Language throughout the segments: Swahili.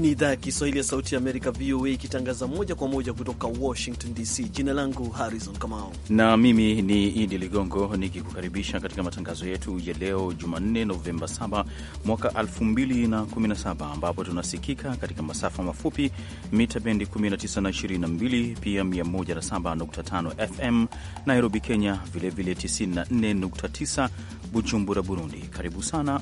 Hii ni idhaa ya Kiswahili ya Sauti ya Amerika, VOA, ikitangaza moja kwa moja kutoka Washington DC. Jina langu Harrison Kamau na mimi ni Idi Ligongo nikikukaribisha katika matangazo yetu ya leo Jumanne, Novemba 7 mwaka 2017, ambapo tunasikika katika masafa mafupi mita bendi 19 na 22, pia 107.5 FM Nairobi, Kenya, vilevile 94.9 Bujumbura, Burundi. Karibu sana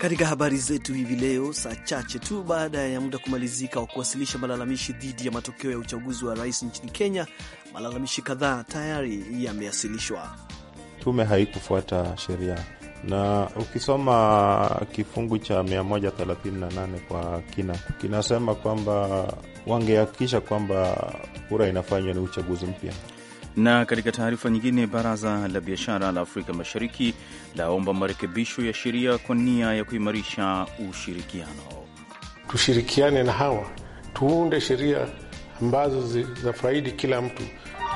Katika habari zetu hivi leo, saa chache tu baada ya muda kumalizika wa kuwasilisha malalamishi dhidi ya matokeo ya uchaguzi wa rais nchini Kenya, malalamishi kadhaa tayari yamewasilishwa. Tume haikufuata sheria na ukisoma kifungu cha 138 kwa kina kinasema kwamba wangehakikisha kwamba kura inafanywa ni uchaguzi mpya. Na katika taarifa nyingine, baraza la biashara la Afrika Mashariki laomba marekebisho ya sheria kwa nia ya kuimarisha ushirikiano. Tushirikiane na hawa tuunde sheria ambazo zinafaidi kila mtu,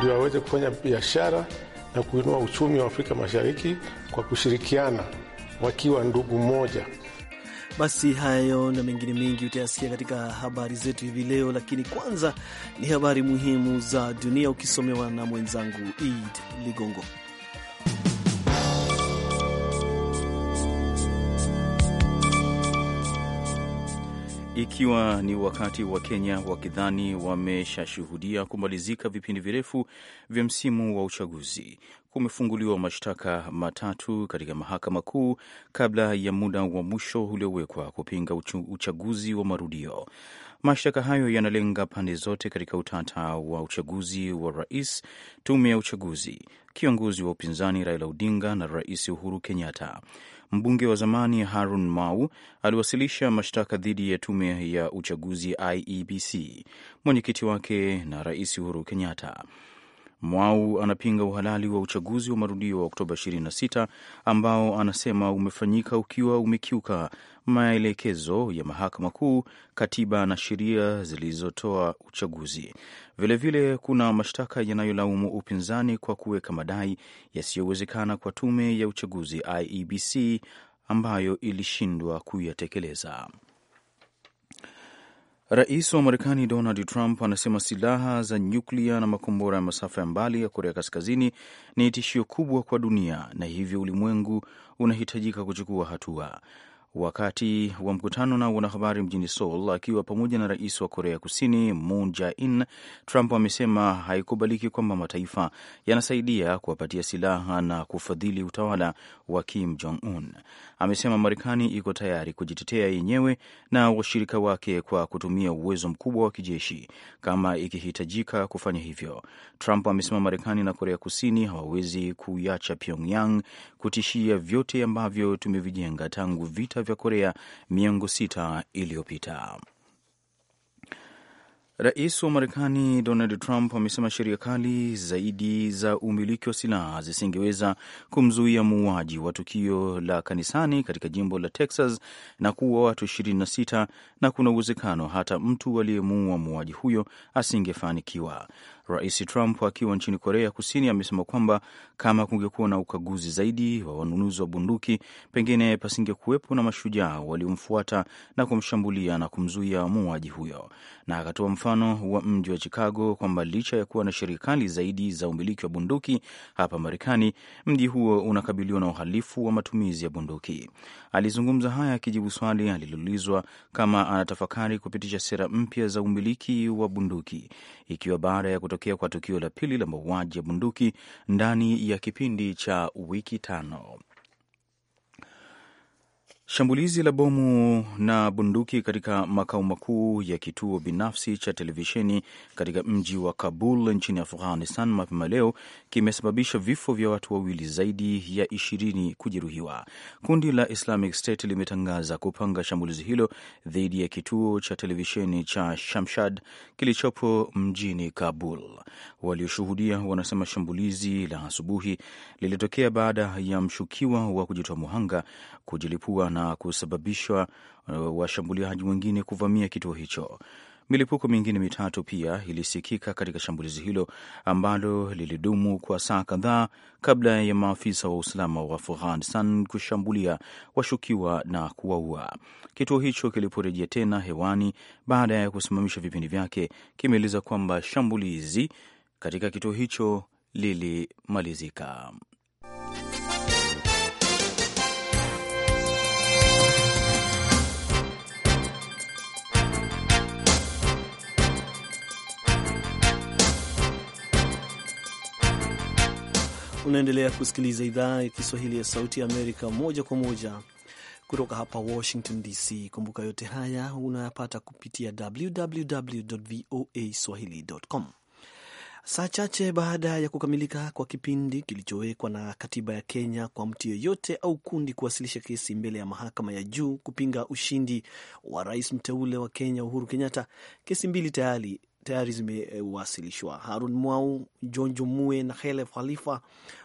ndio aweze kufanya biashara na kuinua uchumi wa Afrika Mashariki kwa kushirikiana, wakiwa ndugu mmoja. Basi hayo na mengine mengi utayasikia katika habari zetu hivi leo, lakini kwanza ni habari muhimu za dunia ukisomewa na mwenzangu ed Ligongo. Ikiwa ni wakati wa Kenya wakidhani wameshashuhudia kumalizika vipindi virefu vya msimu wa uchaguzi, kumefunguliwa mashtaka matatu katika mahakama kuu kabla ya muda wa mwisho uliowekwa kupinga uchaguzi wa marudio. Mashtaka hayo yanalenga pande zote katika utata wa uchaguzi wa rais, tume ya uchaguzi, kiongozi wa upinzani Raila Odinga na Rais Uhuru Kenyatta. Mbunge wa zamani Harun Mau aliwasilisha mashtaka dhidi ya tume ya uchaguzi IEBC, mwenyekiti wake na Rais Uhuru Kenyatta. Mwau anapinga uhalali wa uchaguzi wa marudio wa Oktoba 26 ambao anasema umefanyika ukiwa umekiuka maelekezo ya mahakama kuu, katiba na sheria zilizotoa uchaguzi. Vilevile vile kuna mashtaka yanayolaumu upinzani kwa kuweka madai yasiyowezekana kwa tume ya uchaguzi IEBC ambayo ilishindwa kuyatekeleza. Rais wa Marekani Donald Trump anasema silaha za nyuklia na makombora ya masafa ya mbali ya Korea Kaskazini ni tishio kubwa kwa dunia na hivyo ulimwengu unahitajika kuchukua hatua wakati wa mkutano na wanahabari mjini Seoul akiwa pamoja na rais wa Korea Kusini Moon Jae-in, Trump amesema haikubaliki kwamba mataifa yanasaidia kuwapatia silaha na kufadhili utawala wa Kim Jong Un. Amesema Marekani iko tayari kujitetea yenyewe na washirika wake kwa kutumia uwezo mkubwa wa kijeshi kama ikihitajika kufanya hivyo. Trump amesema Marekani na Korea Kusini hawawezi kuiacha Pyongyang kutishia vyote ambavyo tumevijenga tangu vita vya Korea miongo sita iliyopita. Rais wa Marekani Donald Trump amesema sheria kali zaidi za umiliki wa silaha zisingeweza kumzuia muuaji wa tukio la kanisani katika jimbo la Texas na kuua watu 26 na kuna uwezekano hata mtu aliyemuua muuaji huyo asingefanikiwa. Rais Trump akiwa nchini Korea Kusini amesema kwamba kama kungekuwa na ukaguzi zaidi wa wanunuzi wa bunduki, pengine pasingekuwepo na mashujaa waliomfuata na kumshambulia na kumzuia muuaji huyo, na akatoa mfano wa mji wa Chicago kwamba licha ya kuwa na sheria kali zaidi za umiliki wa bunduki hapa Marekani, mji huo unakabiliwa na uhalifu wa matumizi ya bunduki. Alizungumza haya akijibu swali aliloulizwa kama anatafakari kupitisha sera mpya za umiliki wa bunduki ikiwa baada ya kutokea kwa tukio la pili la mauaji ya bunduki ndani ya kipindi cha wiki tano. Shambulizi la bomu na bunduki katika makao makuu ya kituo binafsi cha televisheni katika mji wa Kabul nchini Afghanistan mapema leo kimesababisha vifo vya watu wawili, zaidi ya ishirini kujeruhiwa. Kundi la Islamic State limetangaza kupanga shambulizi hilo dhidi ya kituo cha televisheni cha Shamshad kilichopo mjini Kabul. Walioshuhudia wanasema shambulizi la asubuhi lilitokea baada ya mshukiwa wa kujitoa muhanga kujilipua na na kusababisha uh, washambuliaji wengine kuvamia kituo hicho. Milipuko mingine mitatu pia ilisikika katika shambulizi hilo ambalo lilidumu kwa saa kadhaa kabla ya maafisa wa usalama wa Afghanistan kushambulia washukiwa na kuwaua. Kituo hicho kiliporejea tena hewani baada ya kusimamisha vipindi vyake, kimeeleza kwamba shambulizi katika kituo hicho lilimalizika. Unaendelea kusikiliza idhaa ya Kiswahili ya Sauti ya Amerika moja kwa moja kutoka hapa Washington DC. Kumbuka yote haya unayapata kupitia www voa swahili.com. Saa chache baada ya kukamilika kwa kipindi kilichowekwa na katiba ya Kenya kwa mtu yeyote au kundi kuwasilisha kesi mbele ya mahakama ya juu kupinga ushindi wa rais mteule wa Kenya Uhuru Kenyatta, kesi mbili tayari tayari zimewasilishwa. Harun Mwau, Jonjo Mue na Hele Khalifa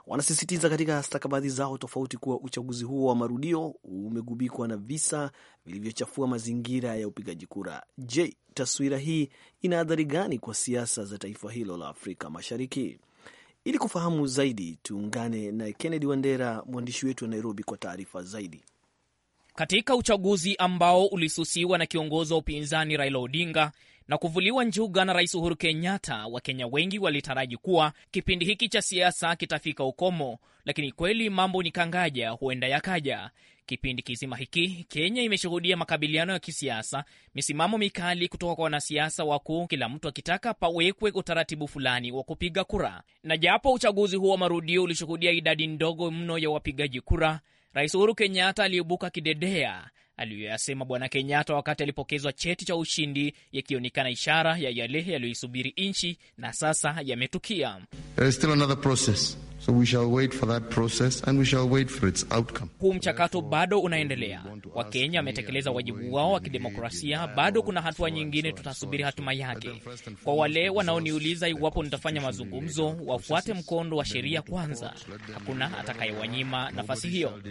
wanasisitiza katika stakabadhi zao tofauti kuwa uchaguzi huo wa marudio umegubikwa na visa vilivyochafua mazingira ya upigaji kura. Je, taswira hii ina athari gani kwa siasa za taifa hilo la Afrika Mashariki? Ili kufahamu zaidi, tuungane na Kennedy Wandera, mwandishi wetu wa Nairobi, kwa taarifa zaidi. Katika uchaguzi ambao ulisusiwa na kiongozi wa upinzani Raila Odinga, na kuvuliwa njuga na Rais Uhuru Kenyatta, Wakenya wengi walitaraji kuwa kipindi hiki cha siasa kitafika ukomo, lakini kweli mambo ni kangaja, huenda yakaja. Kipindi kizima hiki Kenya imeshuhudia makabiliano ya kisiasa, misimamo mikali kutoka kwa wanasiasa wakuu, kila mtu akitaka pawekwe utaratibu fulani wa kupiga kura. Na japo uchaguzi huo wa marudio ulishuhudia idadi ndogo mno ya wapigaji kura, Rais Uhuru Kenyatta aliibuka kidedea aliyoyasema Bwana Kenyatta wakati alipokezwa cheti cha ushindi, yakionekana ishara ya yale yaliyoisubiri nchi na sasa yametukia. So we shall wait for that process and we shall wait for its outcome. Huu mchakato bado unaendelea. Wakenya wametekeleza wajibu wao wa kidemokrasia, bado kuna hatua nyingine, tutasubiri hatima yake. Kwa wale wanaoniuliza iwapo nitafanya mazungumzo, wafuate mkondo wa sheria kwanza. Hakuna atakayewanyima nafasi hiyo.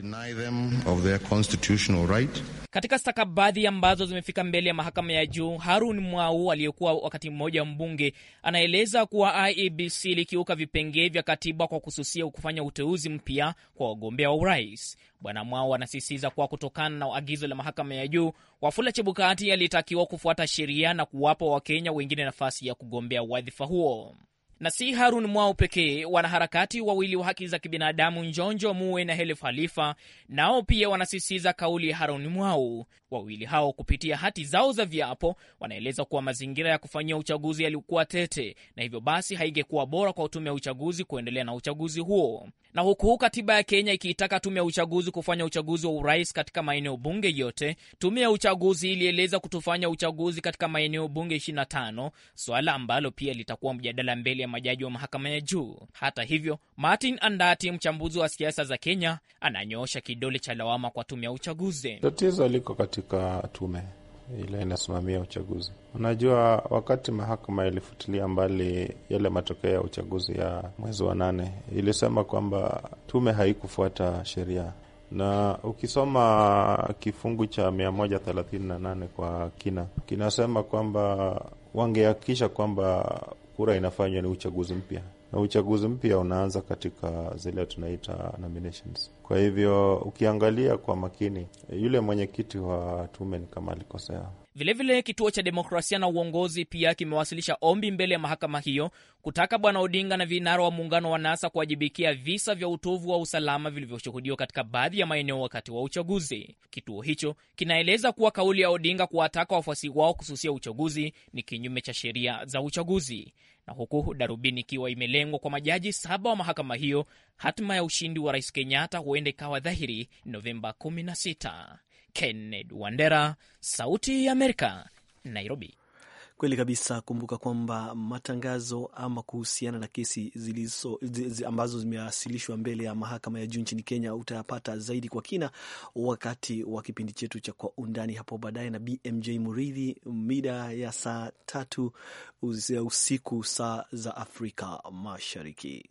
Katika stakabadhi ambazo zimefika mbele ya mahakama ya juu, Harun Mwau aliyekuwa wakati mmoja mbunge anaeleza kuwa IEBC likiuka vipengee vya katiba kwa kususia kufanya uteuzi mpya kwa wagombea wa urais. Bwana Mwao anasisitiza kuwa kutokana na agizo la mahakama ya juu, Wafula Chebukati alitakiwa kufuata sheria na kuwapa Wakenya wengine nafasi ya kugombea wadhifa huo na si Harun Mwau pekee. Wanaharakati wawili wa haki za kibinadamu Njonjo Muwe na Helef Halifa nao pia wanasisitiza kauli ya Harun Mwau. Wawili hao kupitia hati zao za viapo wanaeleza kuwa mazingira ya kufanyia uchaguzi yalikuwa tete, na hivyo basi haingekuwa bora kwa tume ya uchaguzi kuendelea na uchaguzi huo. Na huku katiba ya Kenya ikiitaka tume ya uchaguzi kufanya uchaguzi wa urais katika maeneo bunge yote, tume ya uchaguzi ilieleza kutofanya uchaguzi katika maeneo bunge 25, swala ambalo pia litakuwa mjadala mbele ya majaji wa mahakama ya juu. Hata hivyo, Martin Andati, mchambuzi wa siasa za Kenya, ananyoosha kidole cha lawama kwa tume ya uchaguzi. Tatizo liko katika tume ile inasimamia uchaguzi. Unajua, wakati mahakama ilifutilia mbali yale matokeo ya uchaguzi ya mwezi wa nane, ilisema kwamba tume haikufuata sheria na ukisoma kifungu cha mia moja thelathini na nane kwa kina kinasema kwamba wangehakikisha kwamba kura inafanywa ni uchaguzi mpya, na uchaguzi mpya unaanza katika zile tunaita nominations. Kwa hivyo ukiangalia kwa makini, yule mwenyekiti wa tume ni kama alikosea, Vilevile vile kituo cha demokrasia na uongozi pia kimewasilisha ombi mbele ya mahakama hiyo kutaka bwana Odinga na vinara wa muungano wa NASA kuwajibikia visa vya utovu wa usalama vilivyoshuhudiwa katika baadhi ya maeneo wakati wa uchaguzi. Kituo hicho kinaeleza kuwa kauli ya Odinga kuwataka wafuasi wao kususia uchaguzi ni kinyume cha sheria za uchaguzi, na huku darubini ikiwa imelengwa kwa majaji saba wa mahakama hiyo, hatima ya ushindi wa Rais Kenyatta huenda ikawa dhahiri Novemba 16. Kennedy Wandera, Sauti ya Amerika, Nairobi. Kweli kabisa. Kumbuka kwamba matangazo ama kuhusiana na kesi zilizo, zi, ambazo zimewasilishwa mbele ya mahakama ya juu nchini Kenya utayapata zaidi kwa kina wakati wa kipindi chetu cha Kwa Undani hapo baadaye na BMJ Muridhi mida ya saa tatu za usiku saa za Afrika Mashariki.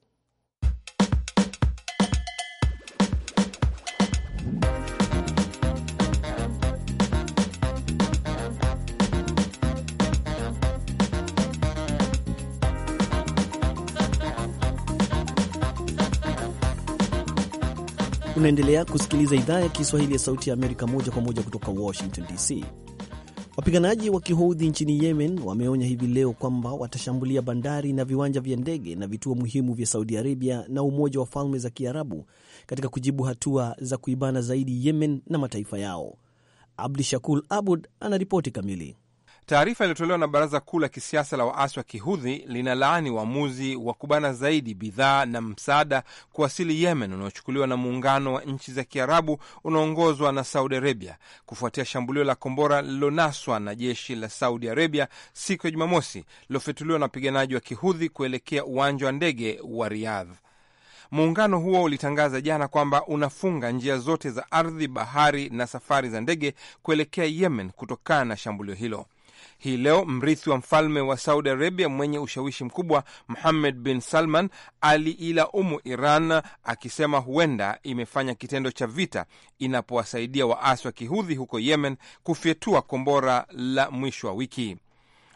Unaendelea kusikiliza idhaa ya Kiswahili ya Sauti ya Amerika moja kwa moja kutoka Washington DC. Wapiganaji wa kihoudhi nchini Yemen wameonya hivi leo kwamba watashambulia bandari na viwanja vya ndege na vituo muhimu vya Saudi Arabia na Umoja wa Falme za Kiarabu katika kujibu hatua za kuibana zaidi Yemen na mataifa yao. Abdi Shakul Abud anaripoti kamili. Taarifa iliyotolewa na baraza kuu la kisiasa la waasi wa kihudhi linalaani uamuzi wa kubana zaidi bidhaa na msaada kuwasili Yemen unaochukuliwa na muungano wa nchi za kiarabu unaoongozwa na Saudi Arabia kufuatia shambulio la kombora lililonaswa na jeshi la Saudi Arabia siku ya Jumamosi lilofetuliwa na wapiganaji wa kihudhi kuelekea uwanja wa ndege wa Riyadh. Muungano huo ulitangaza jana kwamba unafunga njia zote za ardhi, bahari na safari za ndege kuelekea Yemen kutokana na shambulio hilo. Hii leo mrithi wa mfalme wa Saudi Arabia mwenye ushawishi mkubwa Muhammad bin Salman aliilaumu Iran akisema huenda imefanya kitendo cha vita inapowasaidia waasi wa kihudhi huko Yemen kufyetua kombora la mwisho wa wiki.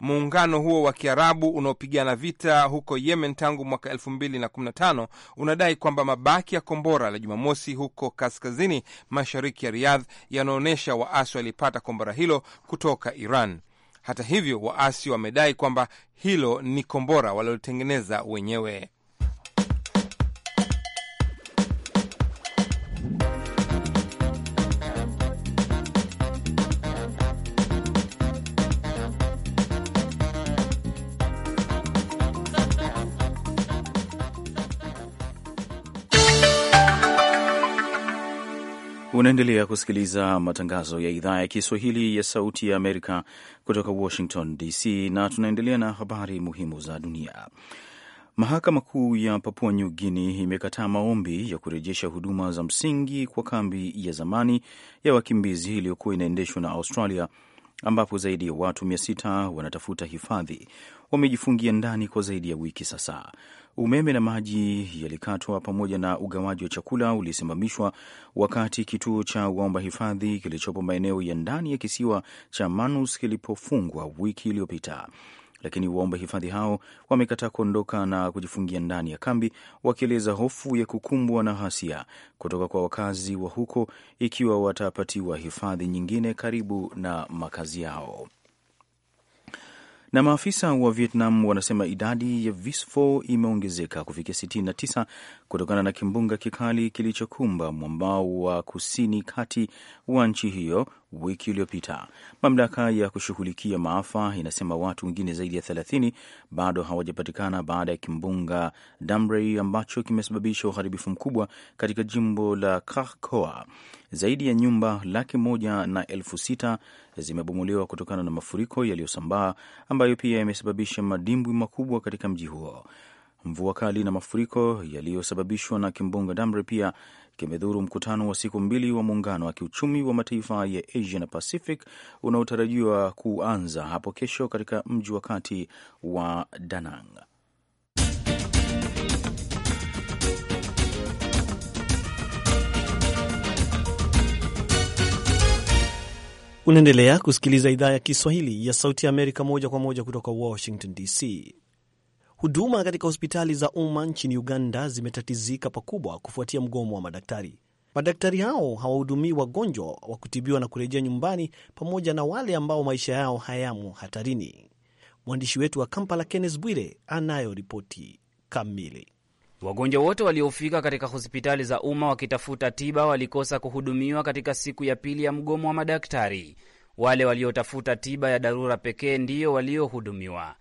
Muungano huo wa Kiarabu unaopigana vita huko Yemen tangu mwaka 2015 unadai kwamba mabaki ya kombora la Jumamosi huko kaskazini mashariki ya Riyadh yanaonyesha waasi walipata kombora hilo kutoka Iran. Hata hivyo, waasi wamedai kwamba hilo ni kombora walilotengeneza wenyewe. Unaendelea kusikiliza matangazo ya idhaa ya Kiswahili ya Sauti ya Amerika kutoka Washington DC, na tunaendelea na habari muhimu za dunia. Mahakama Kuu ya Papua New Guinea imekataa maombi ya kurejesha huduma za msingi kwa kambi ya zamani ya wakimbizi iliyokuwa inaendeshwa na Australia ambapo zaidi ya watu mia sita wanatafuta hifadhi wamejifungia ndani kwa zaidi ya wiki sasa. Umeme na maji yalikatwa pamoja na ugawaji wa chakula ulisimamishwa, wakati kituo cha waomba hifadhi kilichopo maeneo ya ndani ya kisiwa cha Manus kilipofungwa wiki iliyopita lakini waomba hifadhi hao wamekataa kuondoka na kujifungia ndani ya kambi, wakieleza hofu ya kukumbwa na ghasia kutoka kwa wakazi wa huko ikiwa watapatiwa hifadhi nyingine karibu na makazi yao. Na maafisa wa Vietnam wanasema idadi ya vifo imeongezeka kufikia 69 kutokana na kimbunga kikali kilichokumba mwambao wa kusini kati wa nchi hiyo wiki iliyopita. Mamlaka ya kushughulikia maafa inasema watu wengine zaidi ya 30 bado hawajapatikana baada ya kimbunga Damrey ambacho kimesababisha uharibifu mkubwa katika jimbo la kakoa Zaidi ya nyumba laki moja na elfu sita zimebomolewa kutokana na mafuriko yaliyosambaa ambayo pia yamesababisha madimbwi makubwa katika mji huo. Mvua kali na mafuriko yaliyosababishwa na kimbunga Damre pia kimedhuru mkutano wa siku mbili wa muungano wa kiuchumi wa mataifa ya Asia na Pacific unaotarajiwa kuanza hapo kesho katika mji wa kati wa Danang. Unaendelea kusikiliza idhaa ya Kiswahili ya Sauti ya Amerika moja kwa moja kutoka Washington DC. Huduma katika hospitali za umma nchini Uganda zimetatizika pakubwa kufuatia mgomo wa madaktari. Madaktari hao hawahudumii wagonjwa wa kutibiwa na kurejea nyumbani, pamoja na wale ambao maisha yao hayamo hatarini. Mwandishi wetu wa Kampala, Kenneth Bwire, anayo ripoti kamili. Wagonjwa wote waliofika katika hospitali za umma wakitafuta tiba walikosa kuhudumiwa katika siku ya pili ya mgomo wa madaktari. Wale waliotafuta tiba ya dharura pekee ndiyo waliohudumiwa.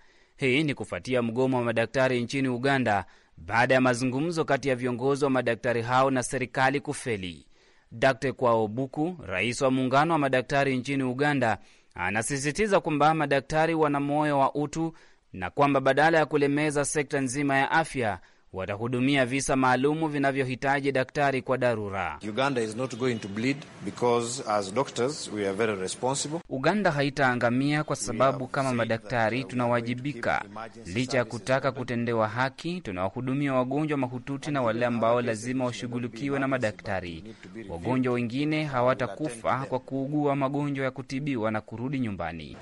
Hii ni kufuatia mgomo wa madaktari nchini Uganda baada ya mazungumzo kati ya viongozi wa madaktari hao na serikali kufeli. Dkt Kwao Buku, rais wa muungano wa madaktari nchini Uganda, anasisitiza kwamba madaktari wana moyo wa utu na kwamba badala ya kulemeza sekta nzima ya afya watahudumia visa maalumu vinavyohitaji daktari kwa dharura. Uganda is not going to bleed because as doctors we are very responsible. Uganda haitaangamia kwa sababu kama madaktari uh, tunawajibika. Licha ya kutaka kutendewa haki, tunawahudumia wagonjwa mahututi na wale ambao lazima washughulikiwe na madaktari. Wagonjwa wengine hawatakufa kwa kuugua magonjwa ya kutibiwa na kurudi nyumbani.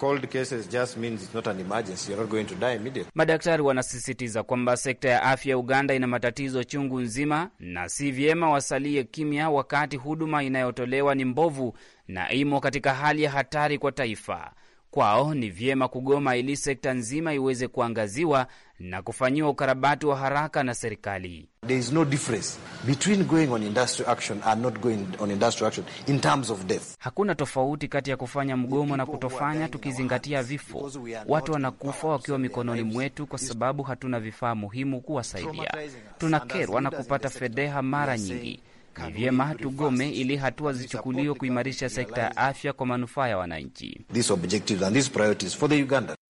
Madaktari wanasisitiza kwamba sekta ya afya Uganda Uganda ina matatizo chungu nzima, na si vyema wasalie kimya wakati huduma inayotolewa ni mbovu na imo katika hali ya hatari kwa taifa. Kwao ni vyema kugoma ili sekta nzima iweze kuangaziwa na kufanyiwa ukarabati wa haraka na serikali. There is no difference between going on industrial action and not going on industrial action in terms of death. Hakuna tofauti kati ya kufanya mgomo na kutofanya, tukizingatia vifo. Watu wanakufa wakiwa mikononi mwetu kwa sababu hatuna vifaa muhimu kuwasaidia. Tunakerwa na kupata fedheha mara nyingi. Ni vyema tugome ili hatua zichukuliwe kuimarisha sekta ya afya kwa manufaa ya wananchi.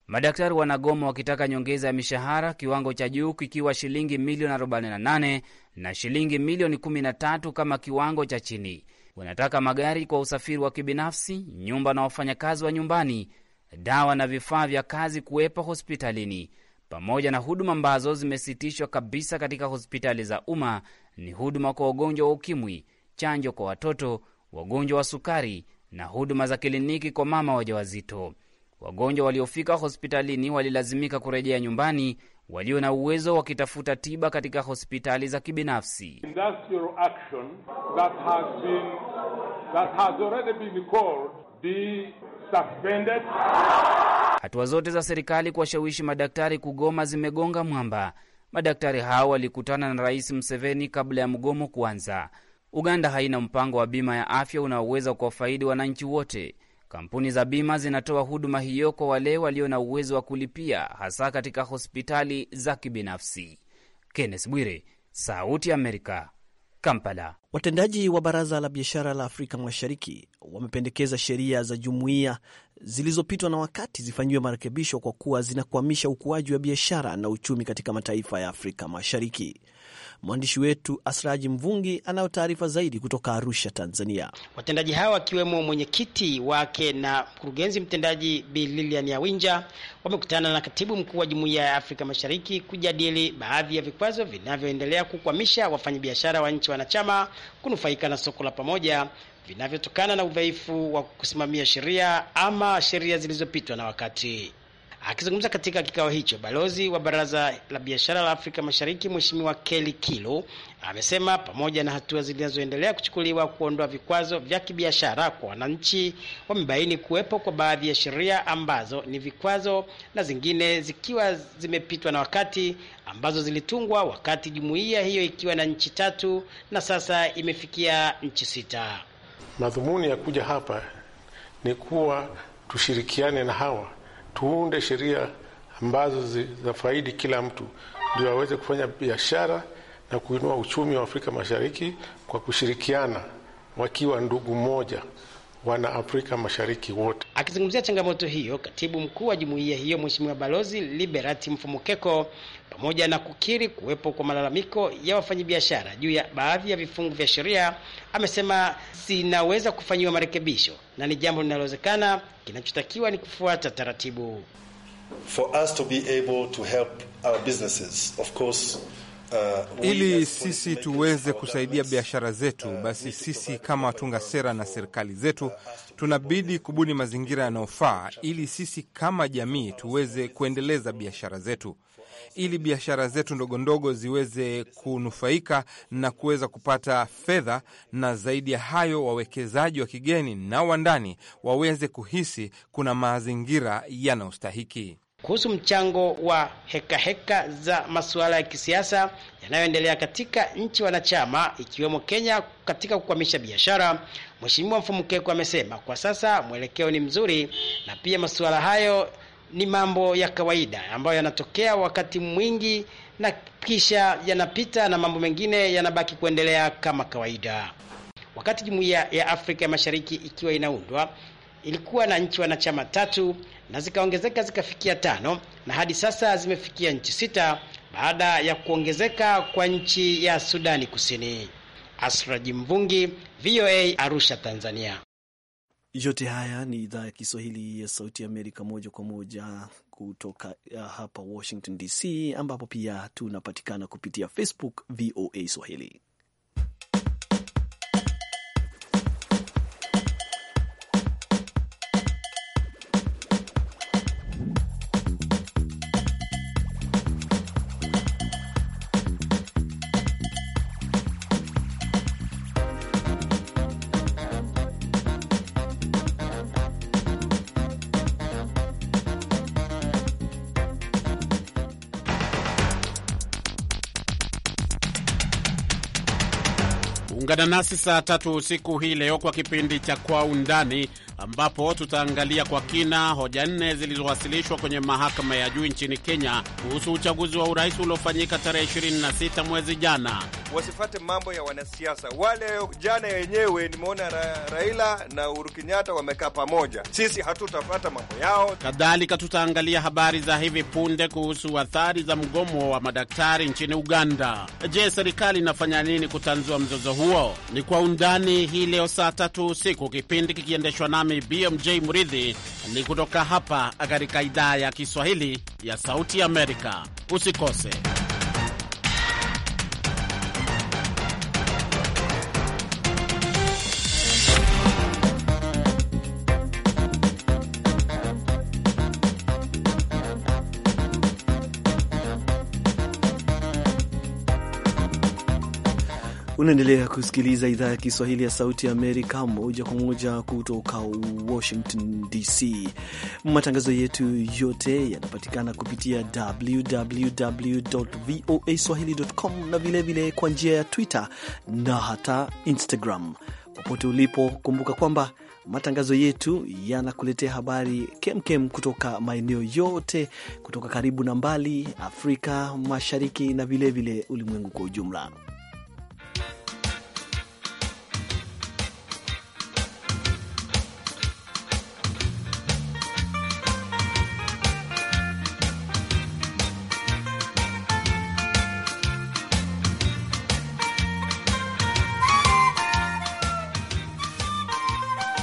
Madaktari wanagoma wakitaka nyongeza ya mishahara, kiwango cha juu kikiwa shilingi milioni 48 na shilingi milioni 13 kama kiwango cha chini. Wanataka magari kwa usafiri wa kibinafsi, nyumba na wafanyakazi wa nyumbani, dawa na vifaa vya kazi kuwepo hospitalini, pamoja na huduma ambazo zimesitishwa kabisa katika hospitali za umma: ni huduma kwa wagonjwa wa ukimwi, chanjo kwa watoto, wagonjwa wa sukari na huduma za kliniki kwa mama wajawazito. Wagonjwa waliofika hospitalini walilazimika kurejea nyumbani, walio na uwezo wakitafuta tiba katika hospitali za kibinafsi. Hatua zote za serikali kuwashawishi madaktari kugoma zimegonga mwamba. Madaktari hao walikutana na Rais Museveni kabla ya mgomo kuanza. Uganda haina mpango wa bima ya afya unaoweza kuwafaidi wananchi wote. Kampuni za bima zinatoa huduma hiyo kwa wale walio na uwezo wa kulipia, hasa katika hospitali za kibinafsi. Kenneth Bwire, Sauti ya Amerika, Kampala. Watendaji wa Baraza la Biashara la Afrika Mashariki wamependekeza sheria za jumuiya zilizopitwa na wakati zifanyiwe marekebisho kwa kuwa zinakwamisha ukuaji wa biashara na uchumi katika mataifa ya Afrika Mashariki. Mwandishi wetu Asraji Mvungi anayo taarifa zaidi kutoka Arusha, Tanzania. Watendaji hawa wakiwemo mwenyekiti wake na mkurugenzi mtendaji Bi Lilian Yawinja wamekutana na katibu mkuu wa Jumuiya ya Afrika Mashariki kujadili baadhi ya vikwazo vinavyoendelea kukwamisha wafanyabiashara wa nchi wanachama kunufaika na soko la pamoja vinavyotokana na udhaifu wa kusimamia sheria ama sheria zilizopitwa na wakati. Akizungumza katika kikao hicho, balozi wa Baraza la Biashara la Afrika Mashariki Mheshimiwa Kelly Kilo amesema pamoja na hatua zinazoendelea kuchukuliwa kuondoa vikwazo vya kibiashara kwa wananchi, wamebaini kuwepo kwa baadhi ya sheria ambazo ni vikwazo na zingine zikiwa zimepitwa na wakati, ambazo zilitungwa wakati jumuiya hiyo ikiwa na nchi tatu na sasa imefikia nchi sita. Madhumuni ya kuja hapa ni kuwa tushirikiane na hawa tuunde sheria ambazo zinafaidi kila mtu, ndio aweze kufanya biashara na kuinua uchumi wa Afrika Mashariki kwa kushirikiana wakiwa ndugu moja wana Afrika Mashariki wote. Akizungumzia changamoto hiyo, katibu mkuu wa jumuiya hiyo Mheshimiwa Balozi Liberati Mfumukeko, pamoja na kukiri kuwepo kwa malalamiko ya wafanyabiashara juu ya baadhi ya vifungu vya sheria, amesema sinaweza kufanyiwa marekebisho na ni jambo linalowezekana. Kinachotakiwa ni kufuata taratibu. For us to be able to help our businesses, of course Uh, ili sisi tuweze kusaidia biashara zetu, uh, basi sisi kama watunga sera na serikali zetu tunabidi kubuni mazingira yanayofaa, ili sisi kama jamii tuweze kuendeleza biashara zetu, ili biashara zetu ndogondogo ziweze kunufaika na kuweza kupata fedha, na zaidi ya hayo, wawekezaji wa kigeni na wa ndani waweze kuhisi kuna mazingira yanayostahiki kuhusu mchango wa hekaheka heka za masuala ya kisiasa yanayoendelea katika nchi wanachama ikiwemo Kenya katika kukwamisha biashara. Mheshimiwa Mfumukeko amesema kwa sasa mwelekeo ni mzuri na pia masuala hayo ni mambo ya kawaida ambayo yanatokea wakati mwingi na kisha yanapita na mambo mengine yanabaki kuendelea kama kawaida. Wakati jumuiya ya Afrika ya Mashariki ikiwa inaundwa, ilikuwa na nchi wanachama tatu na zikaongezeka zikafikia tano na hadi sasa zimefikia nchi sita baada ya kuongezeka kwa nchi ya Sudani Kusini. Asraji Mvungi, VOA Arusha, Tanzania. Yote haya ni idhaa ya Kiswahili ya Sauti Amerika, moja kwa moja kutoka uh, hapa Washington DC, ambapo pia tunapatikana kupitia Facebook VOA Swahili. Ungana nasi saa tatu usiku hii leo kwa kipindi cha Kwa Undani ambapo tutaangalia kwa kina hoja nne zilizowasilishwa kwenye mahakama ya juu nchini Kenya kuhusu uchaguzi wa urais uliofanyika tarehe 26 mwezi jana. Wasifate mambo ya wanasiasa wale. Jana yenyewe nimeona ra Raila na Uhuru Kenyatta wamekaa pamoja, sisi hatutafata mambo yao. Kadhalika tutaangalia habari za hivi punde kuhusu athari za mgomo wa madaktari nchini Uganda. Je, serikali inafanya nini kutanzua mzozo huo? Ni kwa undani hii leo saa tatu usiku, kipindi kikiendeshwa nami nami BMJ Muridhi ni kutoka hapa katika idhaa ya Kiswahili ya Sauti Amerika. Usikose. Unaendelea kusikiliza idhaa ya Kiswahili ya Sauti ya Amerika moja kwa moja kutoka Washington DC. Matangazo yetu yote yanapatikana kupitia www voa swahili.com na vilevile kwa njia ya Twitter na hata Instagram. Popote ulipo, kumbuka kwamba matangazo yetu yanakuletea habari kemkem kutoka maeneo yote, kutoka karibu na mbali, Afrika Mashariki na vilevile ulimwengu kwa ujumla.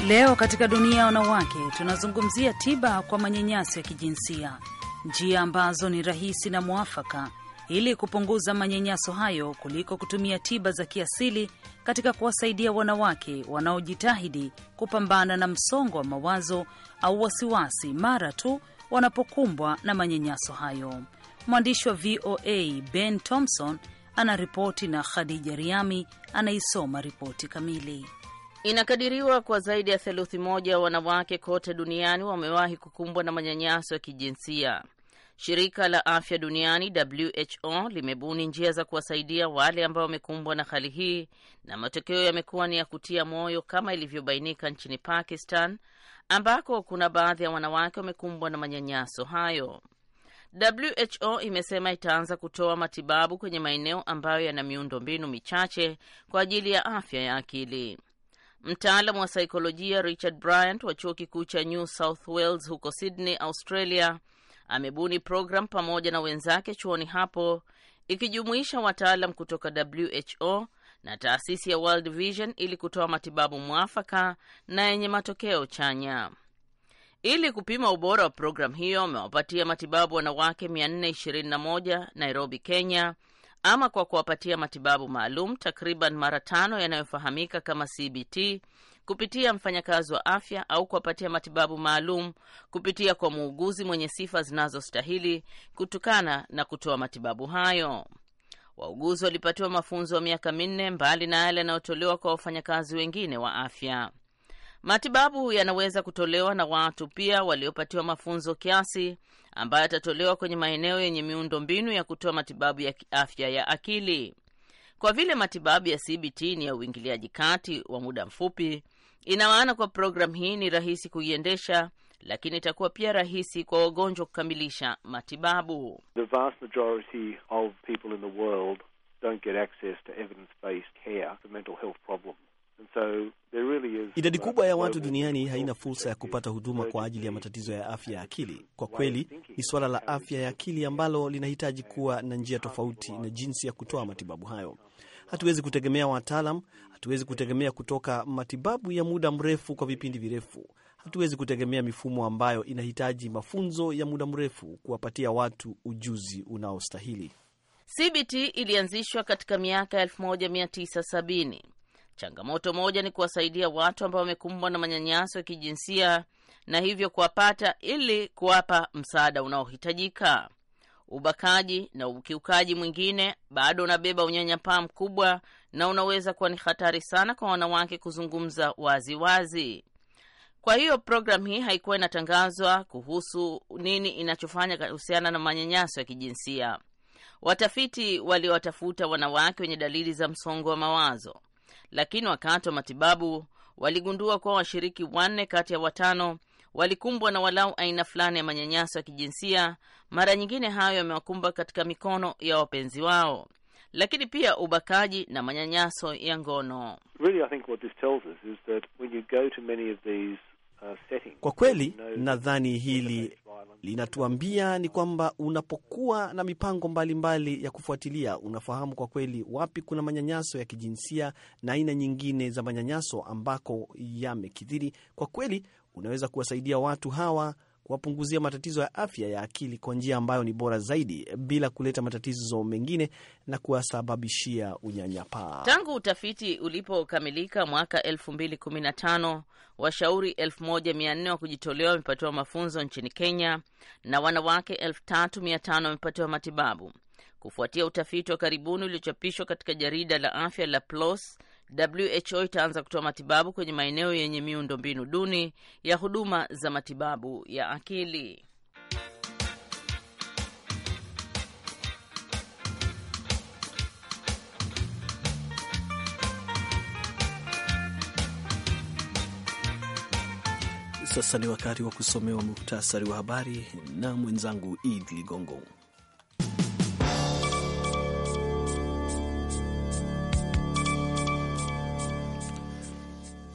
Leo katika dunia ya wanawake tunazungumzia tiba kwa manyanyaso ya kijinsia, njia ambazo ni rahisi na mwafaka ili kupunguza manyanyaso hayo kuliko kutumia tiba za kiasili katika kuwasaidia wanawake wanaojitahidi kupambana na msongo wa mawazo au wasiwasi mara tu wanapokumbwa na manyanyaso hayo. Mwandishi wa VOA Ben Thompson anaripoti na Khadija Riami anaisoma ripoti kamili. Inakadiriwa kwa zaidi ya theluthi moja ya wanawake kote duniani wamewahi kukumbwa na manyanyaso ya kijinsia. Shirika la afya duniani WHO limebuni njia za kuwasaidia wale ambao wamekumbwa na hali hii, na matokeo yamekuwa ni ya kutia moyo, kama ilivyobainika nchini Pakistan ambako kuna baadhi ya wanawake wamekumbwa na manyanyaso hayo. WHO imesema itaanza kutoa matibabu kwenye maeneo ambayo yana miundo mbinu michache kwa ajili ya afya ya akili. Mtaalamu wa saikolojia Richard Bryant wa chuo kikuu cha New South Wales huko Sydney, Australia, amebuni programu pamoja na wenzake chuoni hapo ikijumuisha wataalam kutoka WHO na taasisi ya World Vision ili kutoa matibabu mwafaka na yenye matokeo chanya. Ili kupima ubora wa programu hiyo, amewapatia matibabu wanawake 421 Nairobi, Kenya, ama kwa kuwapatia matibabu maalum takriban mara tano yanayofahamika kama CBT kupitia mfanyakazi wa afya au kuwapatia matibabu maalum kupitia kwa muuguzi mwenye sifa zinazostahili kutokana na kutoa matibabu hayo. Wauguzi walipatiwa mafunzo ya miaka minne mbali na yale yanayotolewa kwa wafanyakazi wengine wa afya. Matibabu yanaweza kutolewa na watu pia waliopatiwa mafunzo kiasi ambayo yatatolewa kwenye maeneo yenye miundo mbinu ya kutoa matibabu ya afya ya akili. Kwa vile matibabu ya CBT ni ya uingiliaji kati wa muda mfupi, ina maana kwa programu hii ni rahisi kuiendesha, lakini itakuwa pia rahisi kwa wagonjwa kukamilisha matibabu. The vast majority of people in the world don't get access to evidence-based care for mental health problems idadi kubwa ya watu duniani haina fursa ya kupata huduma kwa ajili ya matatizo ya afya ya akili. Kwa kweli ni suala la afya ya akili ambalo linahitaji kuwa na njia tofauti na jinsi ya kutoa matibabu hayo. Hatuwezi kutegemea wataalam, hatuwezi kutegemea kutoka matibabu ya muda mrefu kwa vipindi virefu, hatuwezi kutegemea mifumo ambayo inahitaji mafunzo ya muda mrefu kuwapatia watu ujuzi unaostahili. CBT ilianzishwa katika miaka 1970 Changamoto moja ni kuwasaidia watu ambao wamekumbwa na manyanyaso ya kijinsia na hivyo kuwapata ili kuwapa msaada unaohitajika. Ubakaji na ukiukaji mwingine bado unabeba unyanyapaa mkubwa na unaweza kuwa ni hatari sana kwa wanawake kuzungumza waziwazi wazi. Kwa hiyo programu hii haikuwa inatangazwa kuhusu nini inachofanya kuhusiana na manyanyaso ya kijinsia. Watafiti waliwatafuta wanawake wenye dalili za msongo wa mawazo lakini wakati wa matibabu waligundua kuwa washiriki wanne kati ya watano walikumbwa na walau aina fulani ya manyanyaso ya kijinsia. Mara nyingine hayo yamewakumba katika mikono ya wapenzi wao, lakini pia ubakaji na manyanyaso ya ngono really, Uh, kwa kweli nadhani hili linatuambia ni kwamba unapokuwa na mipango mbalimbali mbali ya kufuatilia, unafahamu kwa kweli wapi kuna manyanyaso ya kijinsia na aina nyingine za manyanyaso ambako yamekithiri. Kwa kweli unaweza kuwasaidia watu hawa kuwapunguzia matatizo ya afya ya akili kwa njia ambayo ni bora zaidi bila kuleta matatizo mengine na kuwasababishia unyanyapaa. Tangu utafiti ulipokamilika mwaka 2015, washauri 1400 wa kujitolewa wamepatiwa mafunzo nchini Kenya na wanawake 3500 wamepatiwa matibabu kufuatia utafiti wa karibuni uliochapishwa katika jarida la afya la PLOS WHO itaanza kutoa matibabu kwenye maeneo yenye miundo mbinu duni ya huduma za matibabu ya akili. Sasa ni wakati wa kusomewa muhtasari wa habari na mwenzangu Id Ligongo.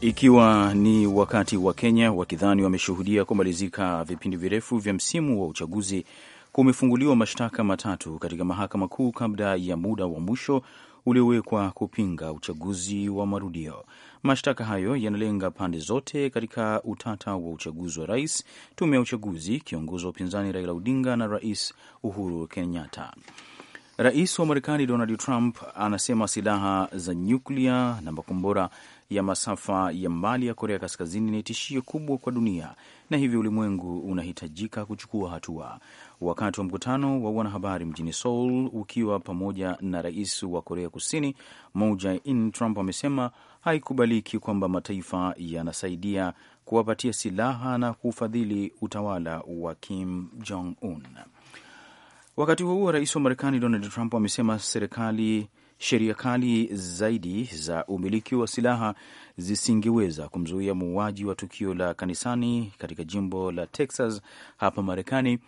Ikiwa ni wakati wa Kenya wakidhani wameshuhudia kumalizika vipindi virefu vya msimu wa uchaguzi, kumefunguliwa mashtaka matatu katika mahakama kuu kabla ya muda wa mwisho uliowekwa kupinga uchaguzi wa marudio. Mashtaka hayo yanalenga pande zote katika utata wa uchaguzi wa rais, tume ya uchaguzi, kiongozi wa upinzani Raila Odinga na Rais Uhuru Kenyatta. Rais wa Marekani Donald Trump anasema silaha za nyuklia na makombora ya masafa ya mbali ya Korea Kaskazini ni tishio kubwa kwa dunia na hivyo ulimwengu unahitajika kuchukua hatua. Wakati wa mkutano wa wanahabari mjini Seoul ukiwa pamoja na rais wa Korea Kusini Moon Jae-in, Trump amesema haikubaliki kwamba mataifa yanasaidia kuwapatia silaha na kufadhili utawala wa Kim Jong Un. Wakati huo huo, rais wa Marekani Donald Trump amesema serikali sheria kali zaidi za umiliki wa silaha zisingeweza kumzuia muuaji wa tukio la kanisani katika jimbo la Texas hapa Marekani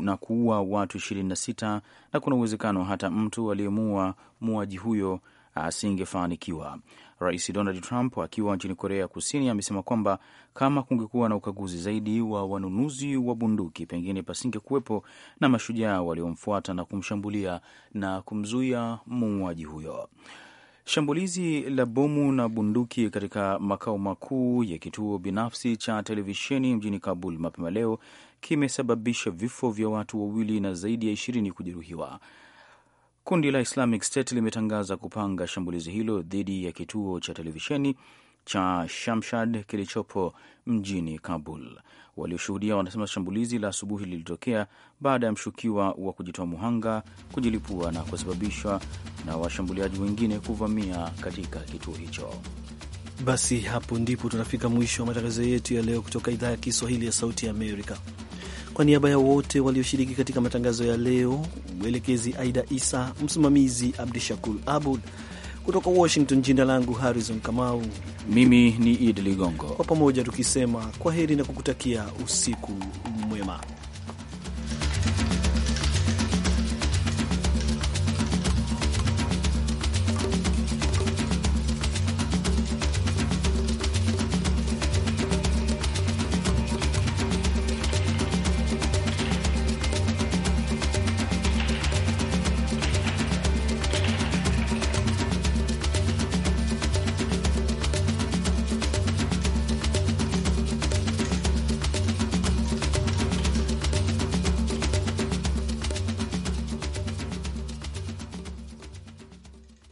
na kuua watu 26 na kuna uwezekano hata mtu aliyemua muuaji huyo asingefanikiwa. Rais Donald Trump akiwa nchini Korea ya Kusini amesema kwamba kama kungekuwa na ukaguzi zaidi wa wanunuzi wa bunduki, pengine pasingekuwepo na mashujaa waliomfuata na kumshambulia na kumzuia muuaji huyo. Shambulizi la bomu na bunduki katika makao makuu ya kituo binafsi cha televisheni mjini Kabul mapema leo kimesababisha vifo vya watu wawili na zaidi ya ishirini kujeruhiwa. Kundi la Islamic State limetangaza kupanga shambulizi hilo dhidi ya kituo cha televisheni cha Shamshad kilichopo mjini Kabul. Walioshuhudia wanasema shambulizi la asubuhi lilitokea baada ya mshukiwa wa kujitoa muhanga kujilipua na kusababishwa na washambuliaji wengine kuvamia katika kituo hicho. Basi hapo ndipo tunafika mwisho wa matangazo yetu ya leo kutoka idhaa ya Kiswahili ya Sauti ya Amerika. Kwa niaba ya wote walioshiriki katika matangazo ya leo, mwelekezi Aida Isa, msimamizi Abdishakur Abud kutoka Washington. Jina langu Harrison Kamau, mimi ni Idi Ligongo, kwa pamoja tukisema kwa heri na kukutakia usiku mwema.